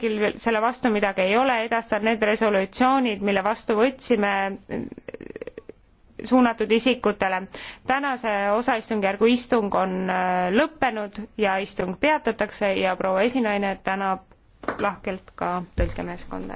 kellelgi selle vastu midagi ei ole, edastan need resolutsioonid, mille vastu võtsime suunatud isikutele. tänase osaistungjärgu istung on äh, lõppenud ja istung peatatakse ja proua esinaine tänab lahkelt ka tõlkemeeskonda.